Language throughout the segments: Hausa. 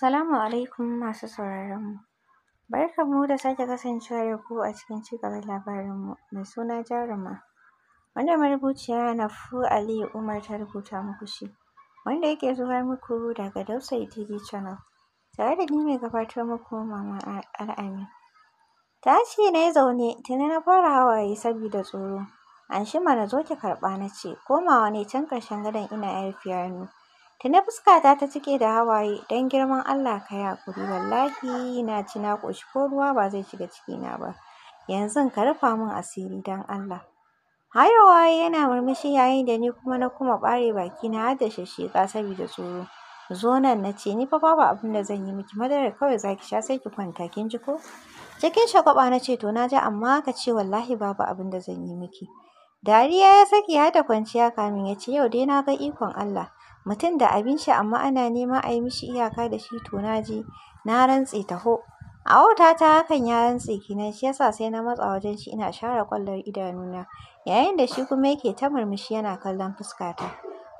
Salamu alaikum masu sauraron mu Barkan mu da sake kasancewa da ku a cikin cigaban labarinmu mai suna Jaruma. Wanda marubuciya Nafu Aliyu Umar ta rubuta muku shi, wanda yake zuwa muku daga Dausayi TV Channel, tare da ni mai gabatar muku Mama Al'amin. Tashi na yi zaune tuni na fara hawaye sabida tsoro. Anshima na zo ki karɓa na ce, komawa ne can ƙarshen gadon ina ƴar hannu. ta na fuska ta ta cike da hawaye, dan girman Allah ka hakuri wallahi na ci na koshi ko ruwa ba zai shiga ciki na ba, Yanzu ka rufa min asiri dan Allah. Hayowa ya yana murmushi yayin da ni kuma na kuma ɓare na har da shashsheƙa saboda tsoro. Zo nan na ce, ni fa babu abin da zan yi miki, madarar kawai zaki sha sai ki kwanta kin ji ko? Cikin shagwaɓa na ce to na ji amma ka ce wallahi babu abin da zan yi miki. Dariya ya saki ya da kwanciya kamin ya ce yau dai na ga ikon Allah. mutum da abin shi amma ana nema a yi mishi iyaka da shi to na ji na rantse taho a wauta ta hakan ya rantse kenan shi yasa sai na matsa wajen shi ina share ƙwallon idanuna yayin da shi kuma yake ta murmushi yana kallon fuskata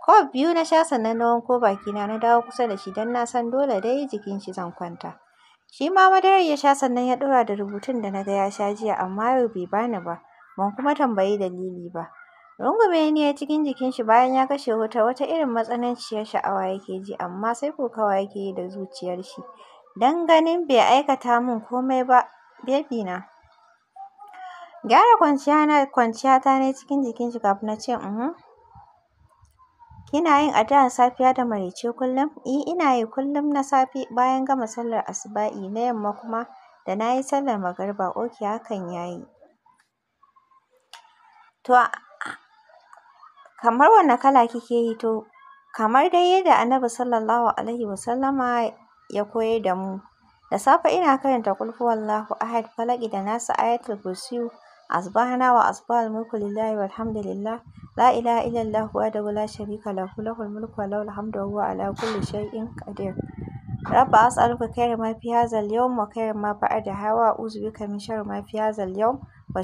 kof biyu na sha sannan na wanko bakina na dawo kusa da shi don na san dole dai jikin shi zan kwanta shi ma madarar ya sha sannan ya ɗora da rubutun da na ga ya sha jiya amma yau bai bani ba ban kuma tambayi dalili ba Rungume ne ya yi cikin shi bayan ya kashe wuta wata irin matsananciyar sha'awa yake ji amma sai kokawa yake yi da zuciyar shi. ganin bai aikata min komai ba, baby na. Gyara kwanciyata na ne cikin shi kafin na ce uhum. Kina yin addu'ar safiya da maraice kullum? Eh ina yi kullum na safe bayan gama sallar asuba'i na yamma kuma da nayi sallar magariba. okay hakan yayi yi. To Kamar wanne kala kike yi to? Kamar dai yadda Annabi Sallallahu Alaihi Wasallama ya koyar da mu. Da safe ina karanta Qul Huwallahu Ahad, Falaƙi da Nasu, Ayatul Kursiyu, Asbahana wa asbahal mulku lillahi walhamdulillah, la ilaha illallahu wahdahu la sharika lahu, lahul mulku wa lahul hamdu wa huwa ala kulli shay'in qadir. Rabbi as'aluka khayra ma fi hadzal yawm wa khayra ma ba'daha wa a'udhu bika min sharri ma fi hadzal yawm wa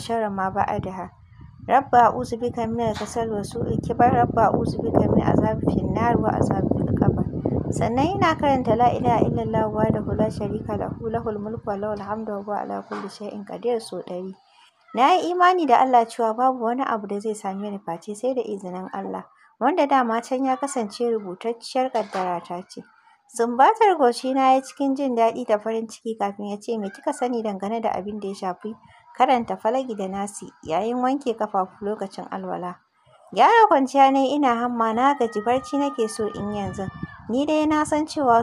رب أعوذ بك من الكسل وسوء الكبر رب أعوذ بك من عذاب في النار وعذاب في القبر sannan ina karanta la ilaha illallah da la sharika lahu lahul mulku wa lahul hamdu wa huwa ala kulli shay'in qadir so ɗari na yi imani da Allah cewa babu wani abu da zai same ni face sai da izinin Allah wanda dama can ya kasance rubutacciyar kaddara ta ce sumbatar goshi na ya cikin jin daɗi da farin ciki kafin ya ce me kika sani dangane da abin da ya shafi karanta Falagi da Nasi yayin wanke kafafu lokacin alwala. Gyara kwanciya ne, ina hamma na gaji barci nake so in yanzu. Ni dai na san cewa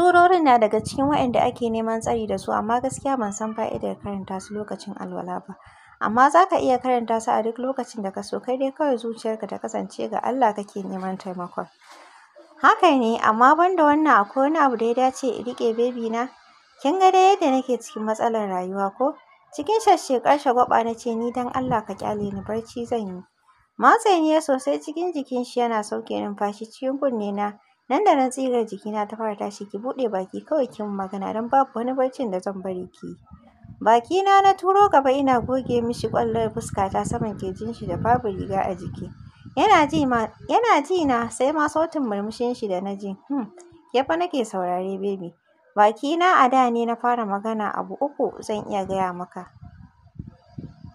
surorin na daga cikin waɗanda ake neman tsari da su amma gaskiya ban san fa'idar karanta su lokacin alwala ba. Amma za ka iya karanta su a duk lokacin da ka so kai dai kawai zuciyarka ta kasance ga Allah kake neman taimakon. Haka ne amma ban da wannan akwai wani abu da ya dace in riƙe bebi na? Kin ga dai yadda nake cikin matsalar rayuwa ko? Cikin shashshekar shagwaɓa na ce ni don Allah ka ƙyale ni barci zan yi. ne sosai cikin jikin shi yana sauke numfashi cikin kunne na. Nan da nan tsigar jikina ta fara tashi ki buɗe baki kawai ki magana don babu wani barcin da zan bari ki yi. Bakina na turo gaba ina goge mishi ƙwallon ta saman ƙirjin shi da babu riga a jiki. Yana ji ma yana ji na sai ma sautin murmushin shi da na ji. Hmm, ke fa nake saurare baby. Bakina a da ne na fara magana abu uku zan iya gaya maka,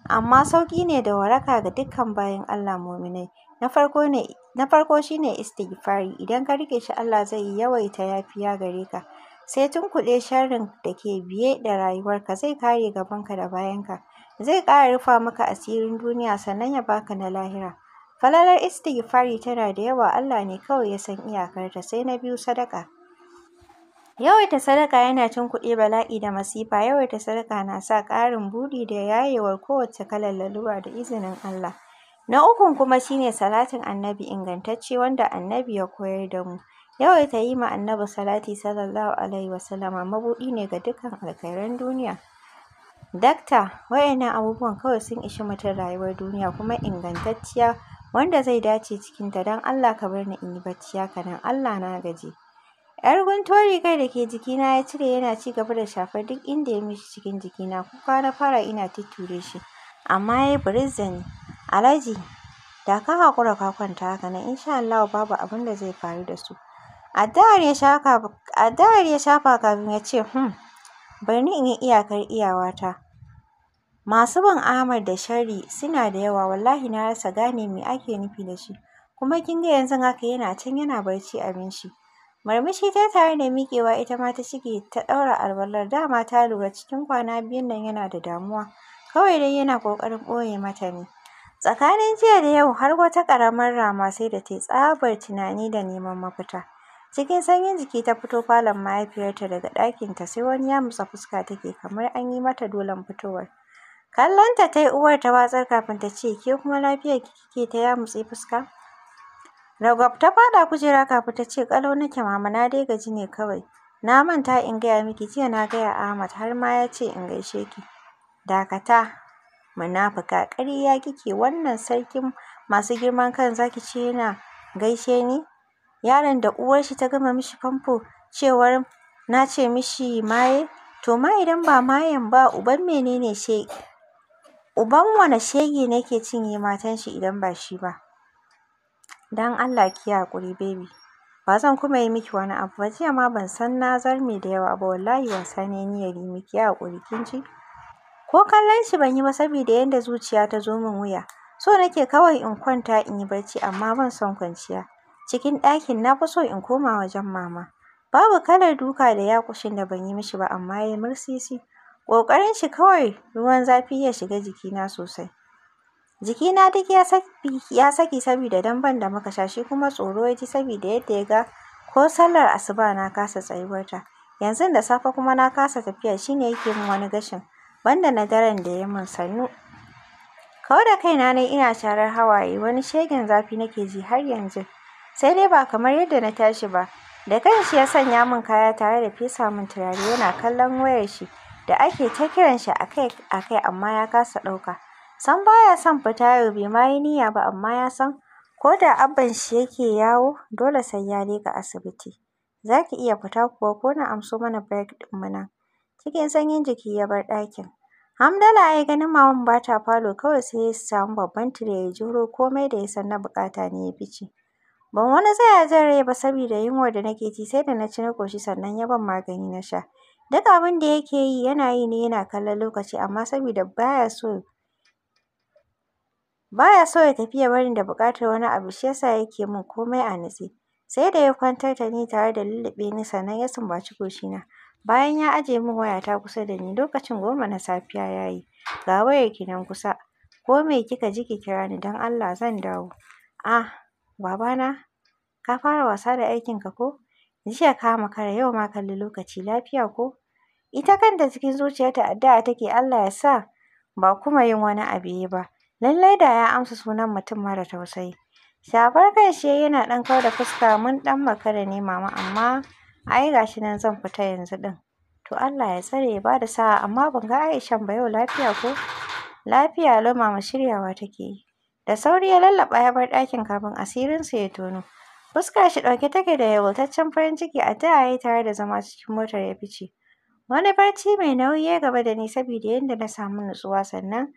amma sauƙi ne da waraka ga dukkan bayan Allah muminai. Na farko shi ne istighfari, idan ka rike shi Allah zai yi yawaita yafiya gare ka, sai tun kuɗe sharrin da ke biye da rayuwarka zai kare gabanka da bayanka, zai ƙara rufa maka asirin duniya sannan ya baka na lahira. Falalar istighfari tana da yawa Allah ne kawai ya san iyakarta. Sai na biyu sadaka. Yawaita sadaka yana cin kuɗi bala'i da masifa. Yawaita sadaka na sa ƙarin buɗi da yayewar kowace kalar lalura da izinin Allah. Na ukun kuma shine salatin annabi ingantacce wanda annabi ya koyar da mu. Yawaita yi ma annabi salati sallallahu alaihi wasallama mabuɗi ne ga dukkan alkhairan duniya. Dakta, waɗannan abubuwan kawai sun ishi mutum rayuwar duniya kuma ingantacciya wanda zai dace cikinta don Allah ka bar ni in yi bacci ya nan Allah na gaji. Yar Tori rigar da ke jikina ya cire yana ci gaba da shafar duk inda ya mishi cikin jikina. Kuka na fara ina tutture shi, amma ya yi birizin alaji. da ka haƙura ka kwanta haka nan insha Allah babu abin da zai faru da su. Addu'ar ya shafa kafin ya ce, "Hmm, bari ni in yi iyakar iyawata." Masu ban Ahmad da shari suna da yawa wallahi na rasa gane me ake nufi da shi. Kuma kin ga yanzu haka yana can yana barci abin shi. Marmashi ta tare da miƙewa ita ma ta shige ta ɗaura alwalar. Dama ta lura cikin kwana biyun nan yana da damuwa. Kawai dai yana ƙoƙarin ɓoye mata ne. Tsakanin jiya da yau har wata ƙaramar rama sai da ta yi tsabar tunani da neman mafita. Cikin sanyin jiki ta fito falon mahaifiyarta daga ɗakinta sai wani ya yamutsa fuska take kamar an yi mata dolan fitowar. Kallonta ta uwar ta watsar kafin ta ce ke kuma lafiyar kike ta ya mutsi fuska? Ragwab ta faɗa kujera kafin ta ce ƙalau nake mama na dai gaji ne kawai. Na manta in gaya miki jiya na gaya Ahmad har ma ya ce in gaishe ki. Dakata munafuka ƙarya kike wannan sarkin masu girman kan zaki ce yana gaishe ni? Yaron da uwar shi ta gama mishi famfo cewar na ce mishi maye? To ma idan ba mayen ba uban menene shege? Uban wane shege nake cinye matan shi idan ba shi ba? Don Allah ki hakuri haƙuri baby. Ba zan kuma yi miki wani abu ba. Jiya ma ban san na zarme da yawa ba. Wallahi ban san ne ya yi miki. ya haƙuri kin ji? Ko kallon shi ban yi ba saboda yadda zuciya ta zo min wuya. So nake kawai in kwanta in yi barci amma ban son kwanciya. Cikin ɗakin na fi so in koma wajen mama. Babu kalar duka da yaƙushin da ban yi mishi ba amma ya yi mursisi. Ƙoƙarin shi kawai ruwan zafi ya shiga jikina sosai. Jikina duk ya saki saboda damben da muka sha shi kuma tsoro ya ji saboda yadda ya ga ko sallar asuba na kasa tsayuwarta. Yanzu da safe kuma na kasa tafiya shine yake min wani gashin banda na daren da ya min sannu. Kau da kaina na ina sharar hawaye wani shegen zafi nake ji har yanzu. Sai dai ba kamar yadda na tashi ba. Da shi ya sanya min kaya tare da fesa min turare yana kallon wayar shi da ake ta kiran shi akai akai amma ya kasa ɗauka. san baya son fita yau bai ma yi niyya ba amma ya san ko da abban shi yake yawo dole sai ya leƙa asibiti. Za ki iya fita kuwa ko na amso mana break ɗinmu nan? Cikin sanyin jiki ya bar ɗakin. Hamdala ya ganin maman ba ta falo kawai sai ya samu babban tire ya jiro komai da ya san na buƙata ne ya fice. Ban wani tsaya zan rai ba saboda yunwar da nake ci, sai da na ci na ƙoshi sannan ya ban magani na sha. Duk abin da yake yi yana yi ne yana kallon lokaci amma saboda baya ya so Ba ya so ya tafi ya bar ni da buƙatar wani abu shi yasa yake min komai a nutse. Sai da ya kwantar da ni tare da lulluɓe ni sannan ya sumbaci goshina. Bayan ya ajiye min wayata kusa da ni lokacin goma na safiya ya yi. Ga wayarki nan kusa. Ko me kika ji ki kira ni don Allah zan dawo. Ah, babana, ka fara wasa da aikinka ko? Jiya ka makara yau ma kalli lokaci lafiya ko? Ita kanta cikin zuciyarta addu'a take Allah ya sa ba kuma yin wani abu ba. Lallai da ya amsa sunan mutum mara tausayi. Shafar kanshi shi yana ɗan kar da fuska mun ɗan makara ne mama amma ai ga shi nan zan fita yanzu ɗin. To Allah ya tsare ya bada sa'a amma ban ga Aisha ba yau lafiya ko? Lafiya lau mama shiryawa take yi. Da sauri ya lallaɓa ya bar ɗakin kafin asirin asirinsu ya tono. Fuskar shi ɗauke take da yawaltaccen farin ciki a ta yayi tare da zama cikin motar ya fice. Wani barci mai nauyi ya gaba da ni saboda yadda na samu nutsuwa sannan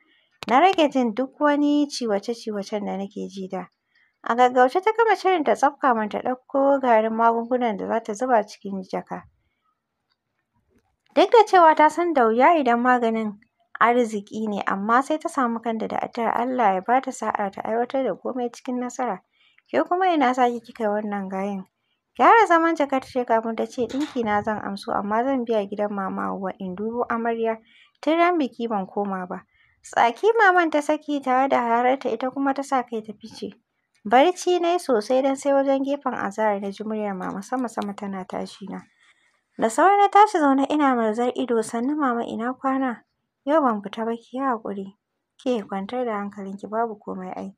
Na rage jin duk wani ciwace-ciwacen da nake ji da. A gaggauce ta gama shirin ta tsafka min ta ɗauko garin magungunan da za ta zuba cikin jaka. Duk da cewa ta san da wuya idan maganin arziki ne amma sai ta samu kanta da addu'ar Allah ya ba ta sa'a ta aiwatar da komai cikin nasara. Ke kuma ina sake kika yi wannan gayen? Gyara zaman jaka ta ce kafin ta ce ɗinki na zan amso amma zan biya gidan Mama Hauwa in dubo amarya tun ran biki ban koma ba. Tsaki maman ta saki tare da hararta ita kuma ta sa kai ta fice. Barci na sosai don sai wajen gefen azahar na ji muryar mama sama-sama tana tashi na. Da sauri na tashi zaune ina marzar ido sannu mama ina kwana. Yau ban fita ba ki yi haƙuri. Ke kwantar da ki, babu komai ai.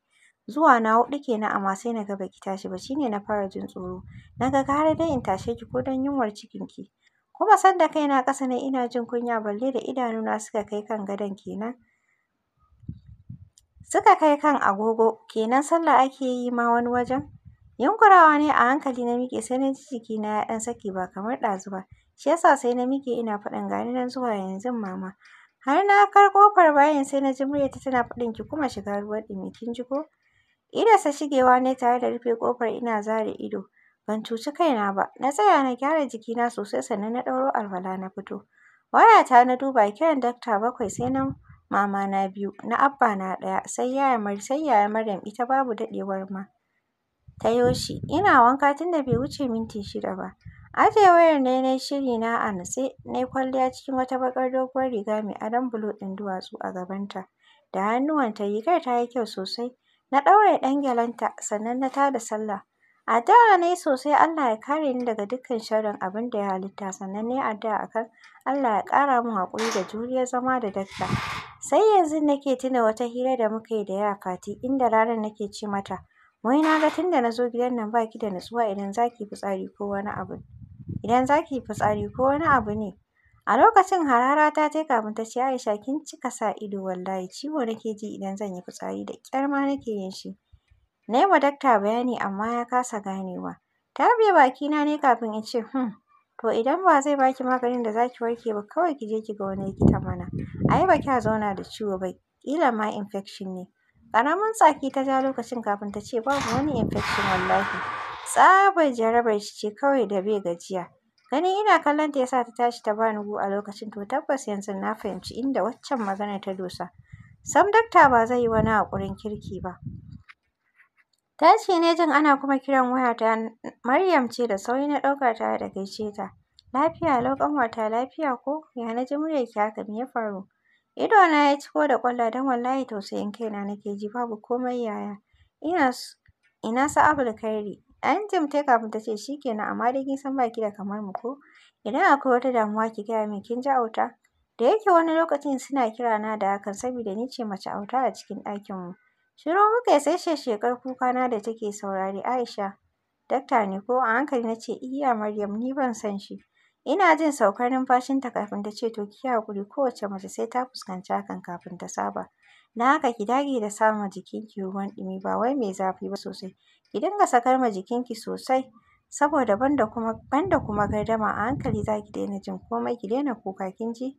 Zuwa na huɗu kenan amma sai na ga baki tashi ba shine na fara jin tsoro. Na ga gara dai in tashe ki ko don yunwar ki. Kuma sanda na ƙasa ne ina jin kunya balle da idanuna suka kai kan gadon kenan. Suka kai kan agogo, kenan sallah ake yi ma wani wajen? Yunkurawa ne a hankali na miƙe sai na ji jikina ya ɗan saki ba kamar ɗazu ba. Shi ya sai na miƙe ina faɗin gani nan zuwa yanzu mama. Har na kar kofar bayin sai na ji muryarta tana faɗin ki kuma shiga ruwan ɗumi kin ji ko? sa shigewa ne tare da rufe ƙofar ina zare ido. Ban cuci kaina ba, na tsaya na gyara jikina sosai sannan na ɗauro alwala na fito. Wayata na duba kiran dakta bakwai sai na mama na biyu, na abba na ɗaya, sai yaya Maryam ita babu daɗewar ma ta yo shi. Ina wanka tunda bai wuce minti shida ba. Ajiye wayar ne nayi shiri na a na nayi kwalliya cikin wata baƙar doguwar riga mai adon bulo ɗin duwatsu a gabanta da hannuwanta. Rigar tayi kyau sosai. Na ɗauraye ɗan gyalenta sannan na tada sallah. Addu'a nayi sosai Allah ya kare ni daga dukkan sharrin da ya halitta sannan nayi addu'a akan Allah ya ƙara min haƙuri da juriyar zama da dakta. Sai yanzu nake tuna wata hira da muka yi da yara Fati inda ranar nake ce mata, wai na ga tunda da na zo gidan nan ba ki da nutsuwa idan za ki yi fitsari ko wani abu idan za ki yi ko wani abu ne. A lokacin Harara ta ta kafin ta ce Aisha kin cika sa ido wallahi ciwo nake ji idan zan yi fitsari da ƙyar ma nake yin shi. Na yi wa dakta bayani amma ya kasa ganewa. Ta baki bakina ne kafin in ce hmm to idan ba zai baki maganin da za ki warke ba kawai ki je ki ga wani likita mana. ai ba kya zauna da ciwo ba, kila ma infection ne. Ƙaramin tsaki ta ja lokacin kafin ta ce babu wani infection wallahi. Tsabar jarabar shi ce kawai da bai gajiya. Ganin ina kallon ta ya sa ta tashi ta bani gu a lokacin to tabbas yanzu na fahimci inda waccan maganar ta dosa. Sam dakta ba zai yi wani haƙurin kirki ba. ce ne jin ana kuma kiran waya ta Maryam ce da sauyi na ɗauka ta da gaishe ta. Lafiya lau ƙanwata lafiya ko? Ya na ji muryarki haka me ya faru? Idona ya ciko da kwalla don wallahi tausayin kaina nake ji babu komai yaya. Ina su An jim tai kafin ta ce shi kenan amma dai kin san baki da kamar mu ko? Idan akwai wata damuwa ki gaya min kin ji auta? Da yake wani lokacin suna kira na da hakan saboda ni ce mace auta a cikin ɗakin mu Shiru muka yi sai shekar na da take saurari Aisha. Dakta ne ko? A hankali na ce iya Maryam ni ban san shi. Ina jin saukar numfashinta kafin ta ce, "To ki yi kowace mace sai ta fuskanci hakan kafin ta saba, don haka ki dage da sa ma jikinki ruwan ɗumi ba wai mai zafi ba sosai, ki dinga sakar ma jikinki sosai, saboda banda kuma banda kuma gardama a hankali za ki daina jin komai ki daina kuka kin ji?"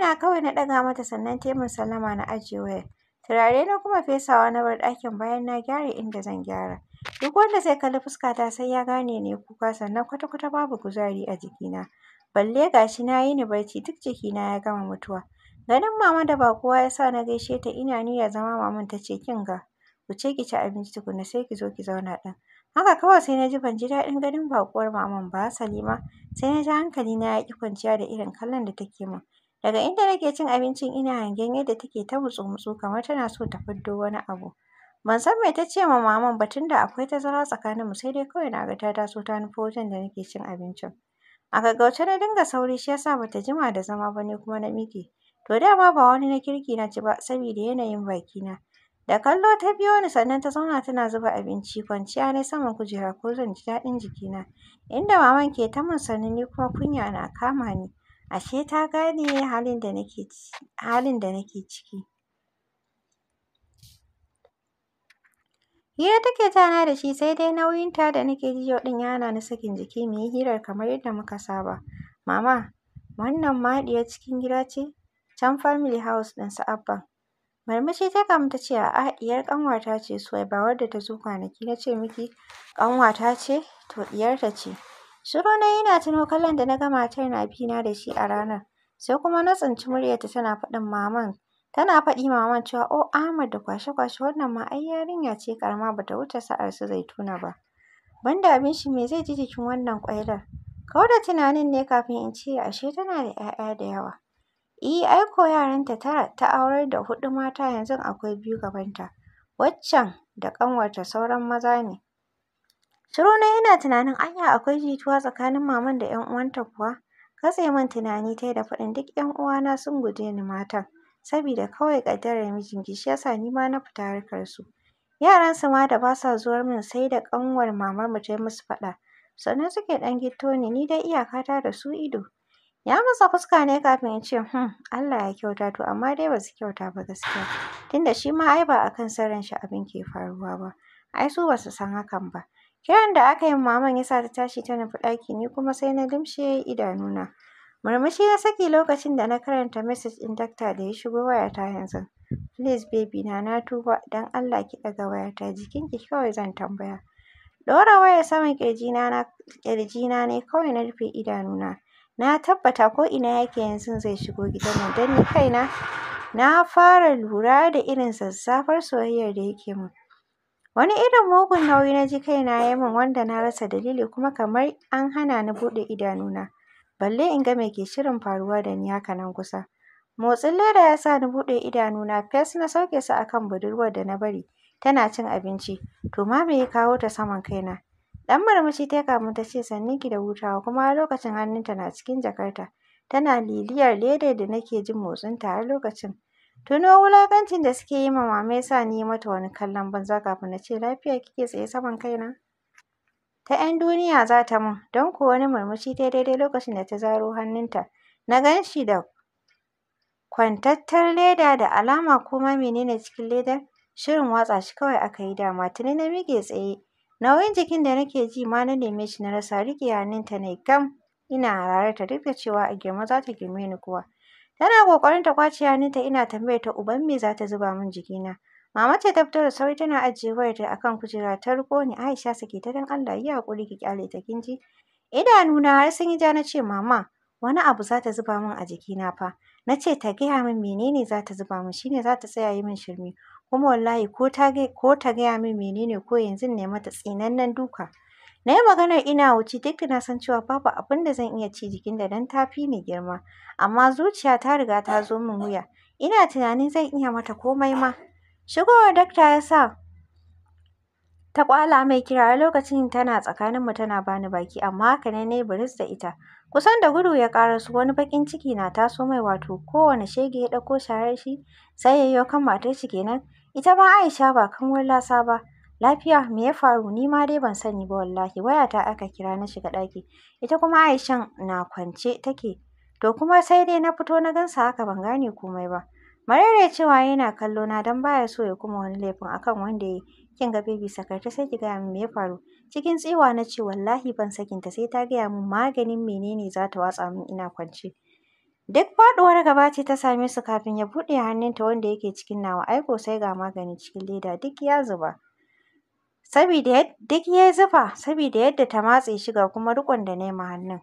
na kawai na ɗaga mata sannan ta sallama na ajiye wayar. Turare na kuma fesawa na bar ɗakin bayan na gyara inda zan gyara. Duk wanda zai kalli fuskata sai ya gane ni kuka sannan kwata-kwata babu kuzari a jikina. Balle gashi na na ni barci duk jikina ya gama mutuwa. Ganin mama da ba kowa ya sa na gaishe ta ina niyyar zama maman ta ce kin ga ce ki ci abinci tukunna sai ki zo ki zauna ɗin. Haka kawai sai na ji ban ji daɗin ganin baƙuwar maman ba Salima sai na ji na ya ƙi kwanciya da irin kallon da take min. Daga inda nake cin abincin ina hangen yadda take ta mutsu-mutsu kamar tana so ta fiddo wani abu. Ban san me ta ce ma maman ba tunda akwai tazara tsakaninmu sai dai kawai na ga ta taso ta nufo wajen da nake cin abincin. A gaggauce na dinga sauri shi yasa bata jima da zama ba ni kuma na miƙe. To dama ba wani na kirki na ci ba saboda yanayin na. Da kallo ta biyo ni sannan ta zauna tana zuba abinci kwanciya ne saman kujera ko zan ji daɗin jikina. Inda maman ke ta min sannu ni kuma kunya na kama ni. Ashe ta gane halin da nake halin da nake ciki. Hira take tana da shi sai dai nauyinta da nake ji yau ɗin ya hana ni sakin jiki mu hirar kamar yadda muka saba. Mama, wannan ma diyar cikin gida ce? Can family house ɗin su Abba. Marmashi ta kamu ta ce a'a diyar ƙanwata ce ba wadda ta zo kwanaki na ce miki ƙanwata ce? To diyarta ce. Shiru na yi ina tuno kallon da na ga matar na biyu na da shi a ranar. Sai kuma na tsinci muryarta tana faɗin maman tana faɗi maman cewa o oh, Ahmad da kwashe-kwashe wannan ma ai yarinya ce karama, bata wuce sa'ar su Zaituna ba. Ban abin shi me zai ji jikin wannan ƙwailar?" Kau da tunanin ne kafin in ce ashe tana da 'ya'ya da yawa. E, aiko ko yaranta tara ta aurar da huɗu mata yanzu akwai biyu gabanta. Waccan da ƙanwarta sauran maza ne. Shiru na yana tunanin anya akwai jituwa tsakanin maman da 'yan uwanta kuwa. Katse man tunani ta yi da faɗin duk 'yan uwana sun guje ni matan, sabida kawai ƙaddarar mijinki shi ya sa ni ma na fita yaran su ma da ba sa zuwar min sai da ƙanwar mu ta yi musu faɗa, sannan suke ɗan gitto ni, ni dai iyakata da su ido. Ya matsa fuska ne kafin in ce hmm Allah ya kyauta to amma dai ba su kyauta ba gaskiya, tunda shi ma ai ba a kan son ranshi abin ke faruwa ba, ai su ba su san hakan ba. Kiran da aka yi min maman ya sa ta tashi ta nufi ɗaki ni kuma sai na limshe idanuna. Murmushi ya saki lokacin da na karanta message ɗin dakta da ya shigo wayata yanzu. Please baby na na tuba don Allah ki ɗaga wayata jikinki kawai zan tambaya. Ɗora wayar saman ƙirjina ne kawai na rufe idanuna. Na tabbata ko ina yake yanzu zai shigo gidan mu don ni kaina na fara lura da irin zazzafar soyayyar da yake mun. Wani irin mugun nauyi na ji kaina ya min wanda na rasa dalili kuma kamar an hana ni buɗe idanuna, balle in ga me ke shirin faruwa da ni haka nan kusa. Motsin leda ya sa ni buɗe idanuna fes na sauke su a kan budurwar da na bari tana cin abinci, to ma me ya kawo ta saman kaina? Ɗan murmushi ta yi kafin ta ce ki da hutawa kuma har lokacin hannunta na cikin jakarta, tana liliyar leda da nake jin motsinta har lokacin. Tuno wulakancin da suke yi ma mama ya sa ni yi mata wani kallon banza kafin na ce lafiya kike tsaye saman kaina. Ta 'yan duniya za ta mun, don kuwa wani murmushi ta yi daidai lokacin da ta zaro hannunta. Na gan shi da kwantattar leda da alama ko ma menene cikin ledar, shirin watsa shi kawai aka yi dama. Tuni na miƙe tsaye, nauyin jikin da nake ji ma na neme shi na rasa, riƙe hannunta na gam, ina hararta duk da cewa a girme za ta girme ni kuwa. Tana ƙoƙarin ta kwace hannunta ina tambayar ta uban me za ta zuba min jikina. Mama ce ta fito da sauri tana ajiye wayarta a kan kujera ta riko ni Aisha sake ta dan Allah yi hakuri ki kyale ta kin ji. Idanuna har sun yi ja na ce mama wani abu za ta zuba min a jikina fa. Na ce ta gaya min menene za ta zuba min shine za ta tsaya yi min shirme. Kuma wallahi ko ta gaya min menene ko yanzu ne mata tsinannen duka. Na yi maganar ina wuce duk da na san cewa babu abin da zan iya ce jikin da dan tafi ni girma, amma zuciya ta riga ta zo min wuya. Ina tunanin zan iya mata komai ma. Shigowar dakta ya sa ta ƙwala mai kira lokacin tana tsakanin mu tana bani baki amma haka ne na yi biris da ita. Kusan da gudu ya su wani baƙin ciki na taso mai wato kowane shege ya ɗauko sharar shi sai ya kan matar shi kenan. Ita ma Aisha ba kamar lasa ba. Lafiya? Me ya faru? Ni ma dai ban sani ba wallahi. Wayata aka kira na shiga ɗaki. Ita kuma Aishan na kwance take. To kuma sai dai na fito na gansa haka ban gane komai ba. Marere cewa yana kallo na dan baya so ya kuma wani laifin akan wanda ya Kin ga baby sakarta sai ki gaya min me ya faru. Cikin tsiwa na ce wallahi ban ta sai ta gaya min maganin menene za ta watsa min ina kwance. Duk faɗuwar gaba ce ta same su kafin ya buɗe hannunta wanda yake cikin nawa aiko sai ga magani cikin leda duk ya zuba. sabida duk ya yi zufa sabida yadda ta matse shi ga kuma riƙon da na yi ma hannun.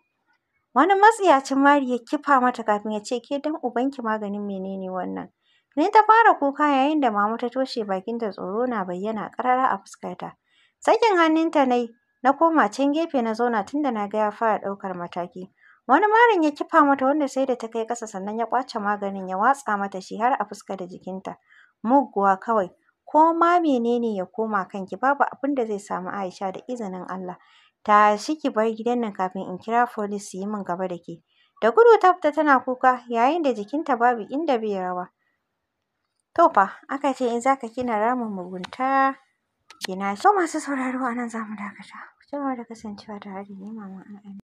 Wani matsiyacin mari ya kifa mata kafin ya ce ke dan ubanki maganin menene wannan. Ni ta fara kuka yayin da mama ta toshe bakinta tsoro na bayyana karara a fuskarta. Sakin hannunta na na koma can gefe na zauna tunda na ga ya fara ɗaukar mataki. Wani marin ya kifa mata wanda sai da ta kai ƙasa sannan ya ƙwace maganin ya watsa mata shi har a fuska da jikinta. Muguwa kawai. ko ma menene ya koma kanki babu abin da zai samu Aisha da izinin Allah. Tashi ki bar gidan nan kafin in kira folis su yi min gaba da ke. Da gudu ta fita tana kuka yayin da jikinta babu inda bai rawa. To fa aka ce in zaka kina ramin mugunta kina. so masu sauraro a nan za mu dakata. Ku da kasancewa tare da ni Maman